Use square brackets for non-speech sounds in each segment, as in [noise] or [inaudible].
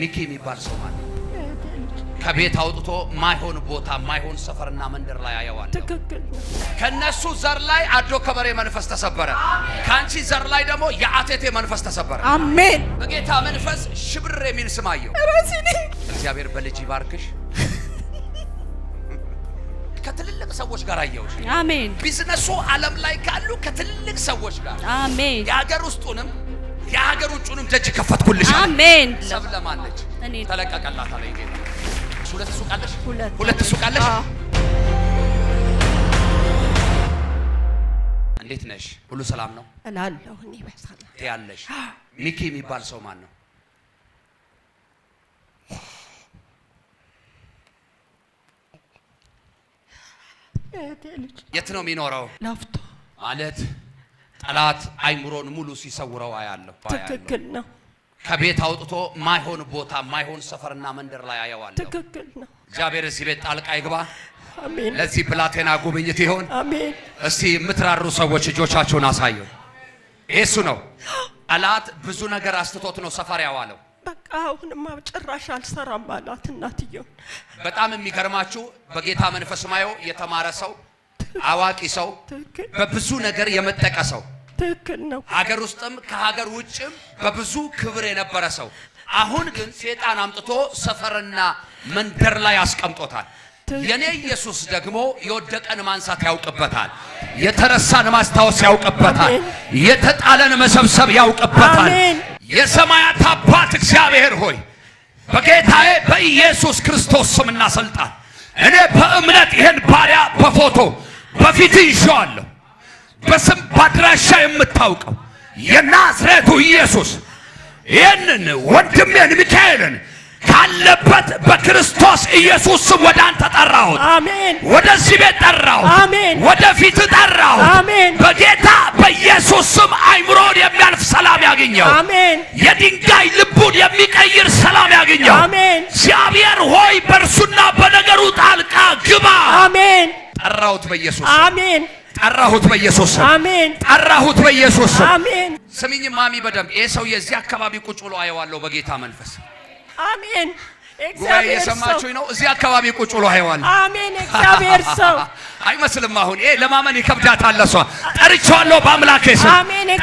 ሚኪ የሚባል ሰው ማለት ከቤት አውጥቶ ማይሆን ቦታ ማይሆን ሰፈርና መንደር ላይ አየዋል። ከነሱ ዘር ላይ አዶ ከበሬ መንፈስ ተሰበረ። ከአንቺ ዘር ላይ ደግሞ የአቴቴ መንፈስ ተሰበረ። አሜን። በጌታ መንፈስ ሽብር የሚል ስም አየሁ። እግዚአብሔር በልጅ ይባርክሽ። [laughs] ከትልልቅ ሰዎች ጋር አየሁሽ። አሜን። ቢዝነሱ ዓለም ላይ ካሉ ከትልልቅ ሰዎች ጋር አሜን። የሀገር ውስጡንም የሀገሮቹንም ውጭንም ደጅ ከፈትኩልሽ። አሜን። ሰብለ ማለች ተለቀቀላት አለ ጌታ። ሁለት ሱቃለሽ፣ ሁለት ሱቃለሽ። እንዴት ነሽ? ሁሉ ሰላም ነው እላለሁ እኔ በሰላም ያለሽ። ሚኪ የሚባል ሰው ማን ነው? የት ነው የሚኖረው? ላፍቶ ማለት ጠላት አይምሮን ሙሉ ሲሰውረው አያለሁ። ትክክል ነው። ከቤት አውጥቶ ማይሆን ቦታ ማይሆን ሰፈርና መንደር ላይ አየዋለሁ። ትክክል ነው። እግዚአብሔር እዚህ ቤት ጣልቃ ይግባ። አሜን። ለዚህ ብላቴና ጉብኝት ይሆን። አሜን። እስቲ የምትራሩ ሰዎች እጆቻችሁን አሳዩ። እሱ ነው። ጠላት ብዙ ነገር አስትቶት ነው ሰፈር ያዋለው። በቃ አሁንማ ጭራሽ አልሰራም አላት እናትየው። በጣም የሚገርማችሁ በጌታ መንፈስ ማየው የተማረ ሰው አዋቂ ሰው በብዙ ነገር የመጠቀ ሰው ትክክል ነው። ሀገር ውስጥም ከሀገር ውጭም በብዙ ክብር የነበረ ሰው አሁን ግን ሴጣን አምጥቶ ሰፈርና መንደር ላይ አስቀምጦታል። የኔ ኢየሱስ ደግሞ የወደቀን ማንሳት ያውቅበታል። የተረሳን ማስታወስ ያውቅበታል። የተጣለን መሰብሰብ ያውቅበታል። የሰማያት አባት እግዚአብሔር ሆይ በጌታዬ በኢየሱስ ክርስቶስ ስምና ስልጣን እኔ በእምነት ይህን ባሪያ በፎቶ በፊት ይዤዋለሁ። በስም ባድራሻ የምታውቀው የናዝሬቱ ኢየሱስ ይህንን ወንድሜን ሚካኤልን ካለበት በክርስቶስ ኢየሱስ ስም ወደ አንተ ጠራሁት። አሜን። ወደዚህ ቤት ጠራሁት። አሜን። ወደፊት ጠራሁት። አሜን። በጌታ በኢየሱስ ስም አይምሮን የሚያልፍ ሰላም ያገኘው። አሜን። የድንጋይ ልቡን የሚቀይር ሰላም ያገኘው። አሜን። እግዚአብሔር ሆይ በእርሱና በነገሩ ጣልቃ ግባ። አሜን። ጠራሁት በኢየሱስ አሜን። ጠራሁት በኢየሱስ ስም። አሜን። ጠራሁት በኢየሱስ ስም። አሜን። ስሚኝ ማሚ በደንብ ይሄ ሰው የዚህ አካባቢ ቁጭ ብሎ አየዋለሁ በጌታ መንፈስ አሜን። ወይ ነው። እዚህ አካባቢ ቁጭ ብሎ ሀይዋን አሜን። እግዚአብሔር ሰው [laughs] አይመስልም። አሁን ይሄ ለማመን ይከብዳታል። እሷ ጠርቼዋለሁ፣ በአምላኬ ስም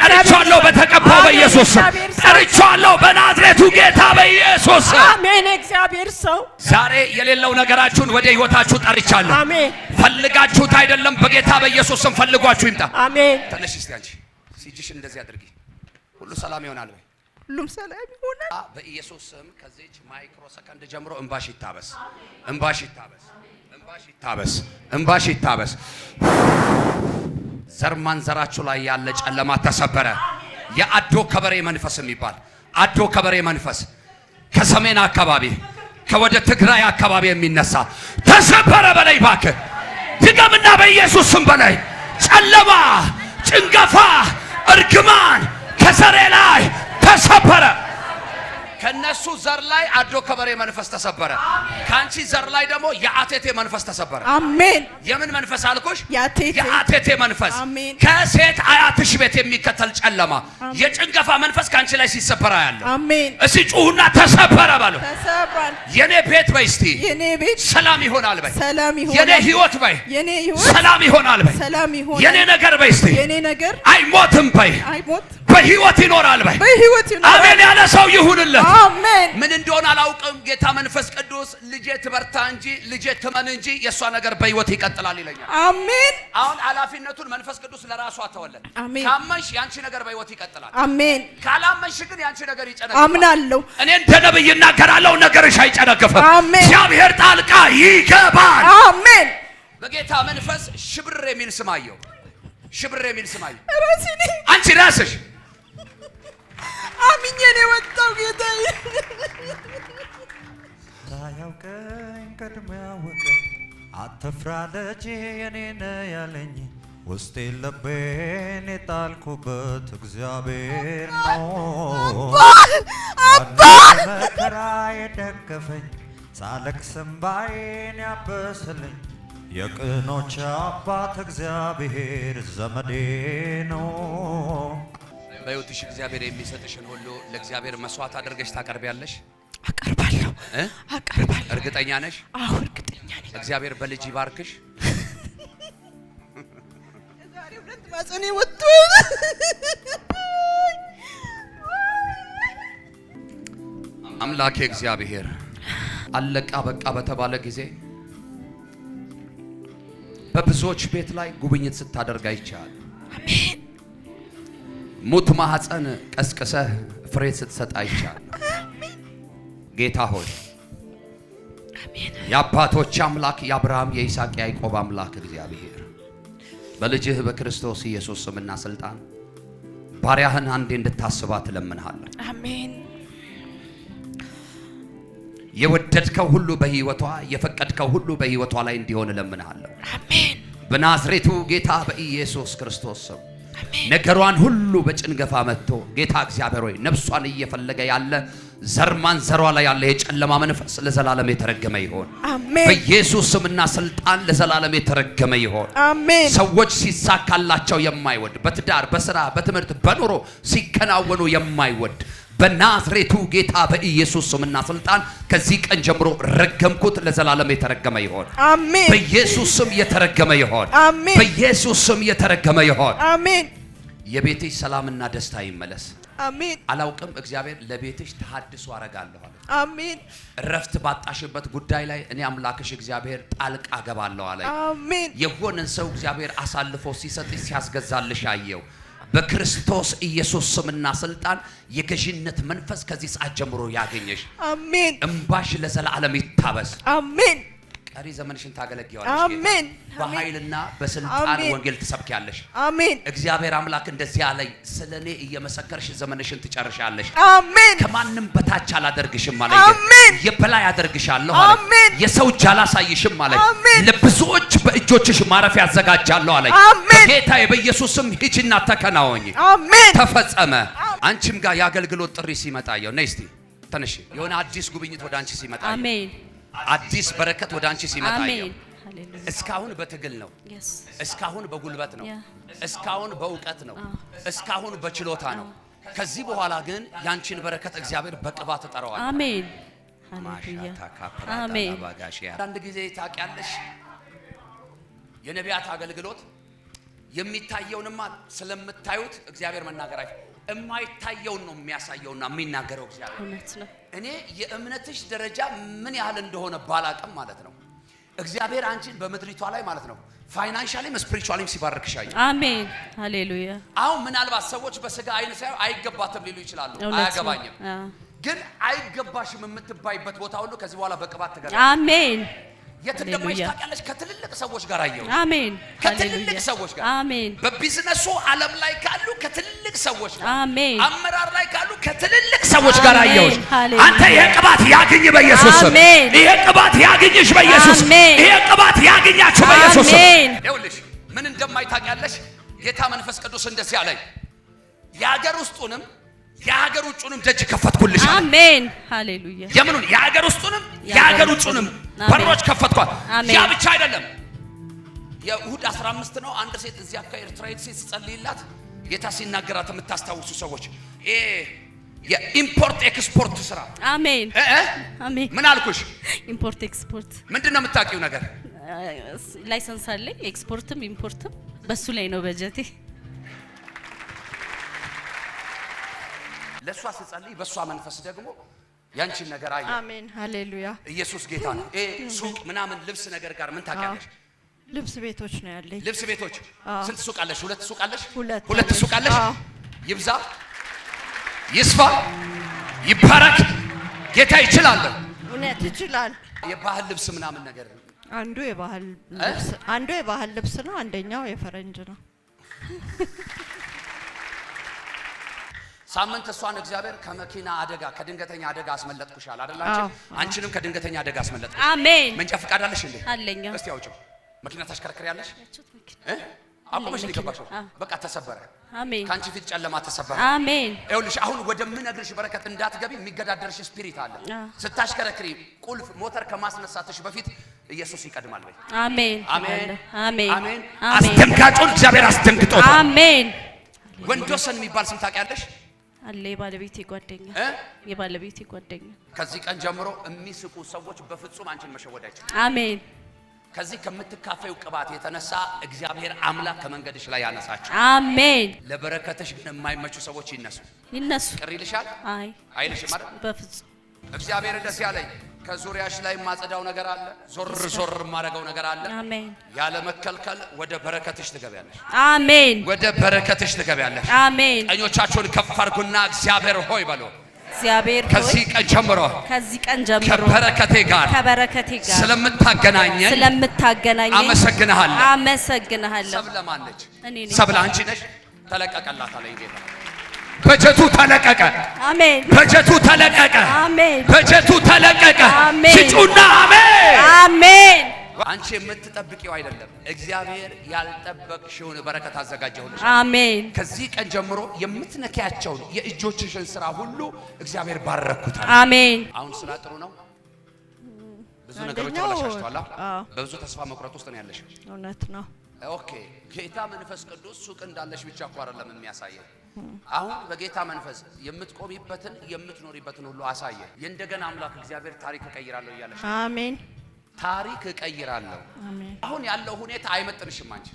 ጠርቼዋለሁ፣ በተቀባው በኢየሱስ ስም ጠርቼዋለሁ፣ በናዝሬቱ ጌታ በኢየሱስ አሜን። እግዚአብሔር ሰው ዛሬ የሌለው ነገራችሁን ወደ ህይወታችሁ ጠርቻለሁ። አሜን። ፈልጋችሁት አይደለም፣ በጌታ በኢየሱስ ስም ፈልጓችሁ ይምጣ። አሜን። ተነሽ እስቲ አንቺ እንደዚህ አድርጊ። ሁሉ ሰላም ይሆናል። ሁሉም ሰላም ይሆናል በኢየሱስ ስም። ከዚች ማይክሮ ሰከንድ ጀምሮ እንባሽ ይታበስ፣ እንባሽ ይታበስ፣ እንባሽ ይታበስ፣ እንባሽ ይታበስ። ዘር ማንዘራችሁ ላይ ያለ ጨለማ ተሰበረ። የአዶ ከበሬ መንፈስ የሚባል አዶ ከበሬ መንፈስ ከሰሜን አካባቢ ከወደ ትግራይ አካባቢ የሚነሳ ተሰበረ። በላይ ባክ ድገምና በኢየሱስ ስም በላይ ጨለማ፣ ጭንገፋ፣ እርግማን ከሰሬ ላይ ተሰበረ። ከነሱ ዘር ላይ አዶ ከበሬ መንፈስ ተሰበረ። ከአንቺ ዘር ላይ ደግሞ የአቴቴ መንፈስ ተሰበረ። አሜን። የምን መንፈስ አልኩሽ? የአቴቴ መንፈስ። ከሴት አያትሽ ቤት የሚከተል ጨለማ፣ የጭንገፋ መንፈስ ከአንቺ ላይ ሲሰበረ ያለ። አሜን። እሺ፣ ጩሁና ተሰበረ በሉ። የኔ ቤት በይ እስቲ፣ የኔ ቤት ሰላም ይሆናል በይ። የኔ ህይወት በይ፣ የኔ ህይወት ሰላም ይሆናል በይ። የኔ ነገር በይ እስቲ፣ የኔ ነገር አይሞትም በይ በህይወት ይኖራል በይ። አሜን ያለ ሰው ይሁንለት። ምን እንደሆነ አላውቅም። ጌታ መንፈስ ቅዱስ ልጄ ትበርታ እንጂ ልጄ ትመን እንጂ የእሷ ነገር በህይወት ይቀጥላል ይለኛል። አሜን። አሁን ኃላፊነቱን መንፈስ ቅዱስ ለራሷ ተወለት። ካመንሽ ያንቺ ነገር በህይወት ይቀጥላል። አሜን። ካላመንሽ ግን ያንቺ ነገር ይጨነግፋል። አምናለሁ። እኔ እንደ ነብይ እናገራለሁ፣ ነገርሽ አይጨነግፍም። አሜን። እግዚአብሔር ጣልቃ ይገባል። አሜን። በጌታ መንፈስ ሽብር የሚል ስማየው፣ ሽብር የሚል ስማየው። አንቺ ራስሽ አምኜ ነው የወጣው ጌታ ሳያውቀኝ ቀድሞ ያወቀኝ አትፍራ ልጄ የኔ ነህ ያለኝ ውስጤ ልቤን የጣልኩበት እግዚአብሔር ነው መከራ የደገፈኝ ሳለቅስ እንባዬን ያበሰልኝ የቅኖች አባት እግዚአብሔር ዘመዴ ነው። በሕይወትሽ እግዚአብሔር የሚሰጥሽን ሁሉ ለእግዚአብሔር መስዋዕት አድርገሽ ታቀርቢያለሽ። አቀርባለሁ አቀርባለሁ። እርግጠኛ ነሽ? አዎ እርግጠኛ ነኝ። እግዚአብሔር በልጅ ይባርክሽ። አምላኬ እግዚአብሔር አለቃ በቃ በተባለ ጊዜ በብዙዎች ቤት ላይ ጉብኝት ስታደርግ አይቻል ሙት ማህፀን ቀስቅሰህ ፍሬ ስትሰጥ አይቻለሁ። ጌታ ሆይ የአባቶች አምላክ የአብርሃም የይስሐቅ የያዕቆብ አምላክ እግዚአብሔር በልጅህ በክርስቶስ ኢየሱስ ስምና ስልጣን ባሪያህን አንዴ እንድታስባት እለምንሃለሁ። አሜን። የወደድከው ሁሉ በህይወቷ የፈቀድከው ሁሉ በህይወቷ ላይ እንዲሆን እለምንሃለሁ። አሜን። በናዝሬቱ ጌታ በኢየሱስ ክርስቶስ ስም ነገሯን ሁሉ በጭንገፋ መጥቶ ጌታ እግዚአብሔር ሆይ ነፍሷን እየፈለገ ያለ ዘርማን ዘሯ ላይ ያለ የጨለማ መንፈስ ለዘላለም የተረገመ ይሆን። በኢየሱስ ስምና ስልጣን ለዘላለም የተረገመ ይሆን። ሰዎች ሲሳካላቸው የማይወድ በትዳር በስራ በትምህርት በኑሮ ሲከናወኑ የማይወድ በናዝሬቱ ጌታ በኢየሱስ ስምና ስልጣን ከዚህ ቀን ጀምሮ ረገምኩት። ለዘላለም የተረገመ ይሆን። አሜን። በኢየሱስ ስም የተረገመ ይሆን። አሜን። በኢየሱስ ስም የተረገመ ይሆን። አሜን። የቤትሽ ሰላምና ደስታ ይመለስ። አሜን። አላውቅም፣ እግዚአብሔር ለቤትሽ ተሐድሶ አረጋለሁ። አሜን። እረፍት ባጣሽበት ጉዳይ ላይ እኔ አምላክሽ እግዚአብሔር ጣልቃ ገባለሁ አለ። አሜን። የሆነን ሰው እግዚአብሔር አሳልፎ ሲሰጥሽ ሲያስገዛልሽ አየው። በክርስቶስ ኢየሱስ ስምና ስልጣን የገዥነት መንፈስ ከዚህ ሰዓት ጀምሮ ያገኘሽ። አሜን። እምባሽ ለዘላለም ይታበስ። አሜን። ቀሪ ዘመንሽን ታገለግያለሽ። አሜን። በኃይልና በስልጣን ወንጌል ትሰብኪያለሽ። አሜን። እግዚአብሔር አምላክ እንደዚህ አለኝ፣ ስለኔ እየመሰከርሽ ዘመንሽን ትጨርሻለሽ። አሜን። ከማንም በታች አላደርግሽም አለኝ። የበላይ አደርግሻለሁ አለኝ። የሰው እጅ አላሳይሽም አለኝ። ለብዙዎች በእጆችሽ ማረፊያ አዘጋጃለሁ አለኝ። በጌታዬ በኢየሱስ ስም ሂጂና ተከናወኝ። አሜን፣ ተፈጸመ። አንቺም ጋር የአገልግሎት ጥሪ ሲመጣ የው ነይ እስቲ ተነሽ። የሆነ አዲስ ጉብኝት ወደ አንቺ ሲመጣ፣ አሜን። አዲስ በረከት ወደ አንቺ ሲመጣ እስካሁን በትግል ነው። እስካሁን በጉልበት ነው። እስካሁን በእውቀት ነው። ah! እስካሁን በችሎታ ነው። ah! ከዚህ በኋላ ግን ያንቺን በረከት እግዚአብሔር በቅባት እጠራዋለሁ። አሜን። አንዳንድ ጊዜ ታውቂያለሽ የነቢያት አገልግሎት የሚታየውንማ ስለምታዩት እግዚአብሔር መናገራችሁ የማይታየውን ነው የሚያሳየውና የሚናገረው እግዚአብሔር። እኔ የእምነትሽ ደረጃ ምን ያህል እንደሆነ ባላቅም ማለት ነው እግዚአብሔር አንቺን በምድሪቷ ላይ ማለት ነው ፋይናንሻሊም ስፕሪቹዋሊም ሲባርክሽ አየሁ። አሜን ሃሌሉያ። አሁን ምናልባት ሰዎች በስጋ አይነ ሳይሆን አይገባትም ሊሉ ይችላሉ። አያገባኝም ግን አይገባሽም የምትባይበት ቦታ ሁሉ ከዚህ በኋላ በቅባት ትገ። አሜን የት እንደማይሽ ከትልልቅ ሰዎች ጋር አየሁ። አሜን። ከትልልቅ ሰዎች ጋር አሜን። በቢዝነሱ ዓለም ላይ ካሉ ከትልልቅ ሰዎች ጋር አሜን። አመራር ላይ ካሉ ከትልልቅ ሰዎች ጋር አየሁሽ። አንተ ይሄ ቅባት ያግኝ በኢየሱስ ስም። ይሄ ቅባት ያግኝሽ በኢየሱስ ስም። ይሄ ቅባት ያግኛችሁ በኢየሱስ አሜን። ይኸውልሽ ምን እንደማይ ታውቂያለሽ? ጌታ መንፈስ ቅዱስ እንደዚህ አለኝ፣ የሀገር ውስጡንም የሀገር ውጭንም ደጅ ከፈትኩልሽ። አሜን። ሃሌሉያ። የምኑን የሀገር ውስጡንም የሀገር ውጭንም በሮች ከፈትኳል። ያ ብቻ አይደለም። የእሁድ 15 ነው። አንድ ሴት እዚህ አካባቢ ኤርትራዊት ሴት ስጸልይላት ጌታ ሲናገራት የምታስታውሱ ሰዎች የኢምፖርት ኤክስፖርት ስራ አሜን አሜን። ምን አልኩሽ? ኢምፖርት ኤክስፖርት ምንድን ነው የምታውቂው ነገር? ላይሰንስ አለኝ ኤክስፖርትም ኢምፖርትም በሱ ላይ ነው በጀቴ። ለእሷ ስጸልይ በእሷ መንፈስ ደግሞ ያንቺን ነገር አየ። አሜን ሃሌሉያ። ኢየሱስ ጌታ ነው። ይሄ ሱቅ ምናምን ልብስ ነገር ጋር ምን ታውቂያለሽ? ልብስ ቤቶች ነው ያለኝ። ልብስ ቤቶች ስንት ሱቅ አለሽ? ሁለት ሱቅ አለሽ። ሁለት ሱቅ አለሽ። ይብዛ፣ ይስፋ፣ ይባረክ። ጌታ ይችላል፣ እውነት ይችላል። የባህል ልብስ ምናምን ነገር አንዱ የባህል ልብስ አንዱ የባህል ልብስ ነው፣ አንደኛው የፈረንጅ ነው። ሳምንት እሷን እግዚአብሔር ከመኪና አደጋ ከድንገተኛ አደጋ አስመለጥኩሻል አንቺ አንቺንም ከድንገተኛ አደጋ አስመለጥኩ። አሜን። መንጃ ፈቃድ አለሽ እንዴ? አለኝ። እስቲ አውጪው። መኪና ታሽከረክሪያለሽ? አቁመሽ ሊገባሽው። በቃ ተሰበረ። አሜን። ካንቺ ፊት ጨለማ ተሰበረ። አሜን። ይኸውልሽ አሁን ወደምነግርሽ በረከት እንዳትገቢ የሚገዳደርሽ ስፒሪት አለ። ስታሽከረክሪ ቁልፍ ሞተር ከማስነሳትሽ በፊት ኢየሱስ ይቀድማል ወይ? አሜን። አሜን። አሜን። አስደንጋጩን እግዚአብሔር አስደንግጦታል። አሜን። ወንዶሰን የሚባል ስም ታውቂያለሽ? አለ የባለቤቴ ጓደኛ የባለቤቴ ጓደኛ። ከዚህ ቀን ጀምሮ የሚስቁ ሰዎች በፍጹም አንቺን መሸወድ አይችሉም። አሜን። ከዚህ ከምትካፈዩ ቅባት የተነሳ እግዚአብሔር አምላክ ከመንገድሽ ላይ ያነሳቸው። አሜን። ለበረከትሽ ግን የማይመቹ ሰዎች ይነሱ ይነሱ። ቅር ይልሻል? አይ አይልሽም አይደል? በፍጹም እግዚአብሔር እንደዚህ አለኝ ከዙሪያሽ ላይ ማጸዳው ነገር አለ። ዞር ዞር የማደርገው ነገር አለ። አሜን። ያለ መከልከል ወደ በረከትሽ ትገቢያለሽ። አሜን። ወደ በረከትሽ ትገቢያለሽ። አሜን። ቀኞቻችሁን ከፍ አድርጉና እግዚአብሔር ሆይ በሉ። እግዚአብሔር ከዚህ ቀን ጀምሮ ከዚህ ቀን ጀምሮ ከበረከቴ ጋር ከበረከቴ ጋር ስለምታገናኘኝ ስለምታገናኘኝ አመሰግንሃለሁ አመሰግንሃለሁ። ሰብለ እኔ ነኝ። ሰብለ አንቺ ነሽ። ተለቀቀላት አለኝ ጌታ በጀቱ ተለቀቀ። አሜን። በጀቱ ተለቀቀ። አሜን። በጀቱ ተለቀቀ። ስጩና አሜን፣ አሜን። አንቺ የምትጠብቂው አይደለም፣ እግዚአብሔር ያልጠበቅሽውን በረከት አዘጋጀሁልሽ። አሜን። ከዚህ ቀን ጀምሮ የምትነኪያቸውን የእጆችሽን ስራ ሁሉ እግዚአብሔር ባረኩታል። አሜን። አሁን ስራ ጥሩ ነው። ብዙ ነገሮች ተበላሽተዋል። በብዙ ተስፋ መቁረጥ ውስጥ ነው ያለሽ። እውነት ነው። ኦኬ። ጌታ መንፈስ ቅዱስ ሱቅ እንዳለሽ ብቻ እኮ አይደለም የሚያሳየው አሁን በጌታ መንፈስ የምትቆሚበትን የምትኖሪበትን ሁሉ አሳየ። የእንደገና አምላክ እግዚአብሔር ታሪክ እቀይራለሁ እያለሽ አሜን። ታሪክ እቀይራለሁ። አሁን ያለው ሁኔታ አይመጥንሽም። አንቺ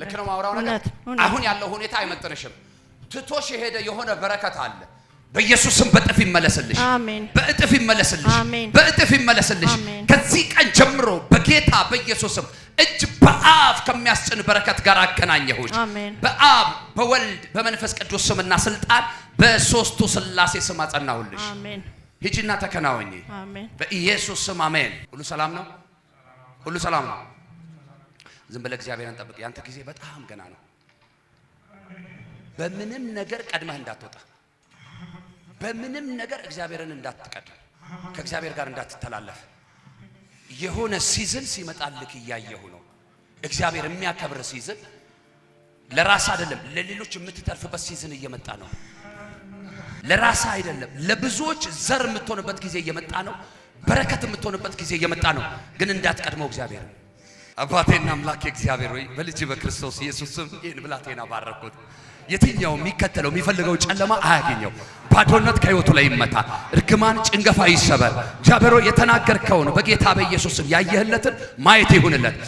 ልክ ነው ማውራው ነገር። አሁን ያለው ሁኔታ አይመጥንሽም። ትቶሽ የሄደ የሆነ በረከት አለ። በኢየሱስም በእጥፍ ይመለስልሽ፣ አሜን። በእጥፍ ይመለስልሽ፣ አሜን። በእጥፍ ይመለስልሽ። ከዚህ ቀን ጀምሮ በጌታ በኢየሱስም እጅ በአብ ከሚያስጭን በረከት ጋር አገናኘሁች። በአብ በወልድ በመንፈስ ቅዱስ ስምና ስልጣን በሶስቱ ስላሴ ስም አጸናሁልሽ። ሂጂና ተከናወኝ በኢየሱስ ስም አሜን። ሁሉ ሰላም ነው። ሁሉ ሰላም ነው። ዝም ብለህ እግዚአብሔርን ጠብቅ። ያንተ ጊዜ በጣም ገና ነው። በምንም ነገር ቀድመህ እንዳትወጣ፣ በምንም ነገር እግዚአብሔርን እንዳትቀድም፣ ከእግዚአብሔር ጋር እንዳትተላለፍ የሆነ ሲዝን ሲመጣልክ እያየሁ ነው። እግዚአብሔር የሚያከብር ሲዝን ለራስ አይደለም ለሌሎች የምትተርፍበት ሲዝን እየመጣ ነው። ለራስ አይደለም ለብዙዎች ዘር የምትሆንበት ጊዜ እየመጣ ነው። በረከት የምትሆንበት ጊዜ እየመጣ ነው። ግን እንዳትቀድመው እግዚአብሔር አባቴና አምላኬ እግዚአብሔር ሆይ በልጅ በክርስቶስ ኢየሱስ ስም ይህን ብላቴና ባረኩት። የትኛው የሚከተለው የሚፈልገው ጨለማ አያገኘው። ባዶነት ከህይወቱ ላይ ይመታ። እርግማን፣ ጭንገፋ ይሰበር። ጃበሮ የተናገርከውን በጌታ በኢየሱስም ያየህለትን ማየት ይሁንለት።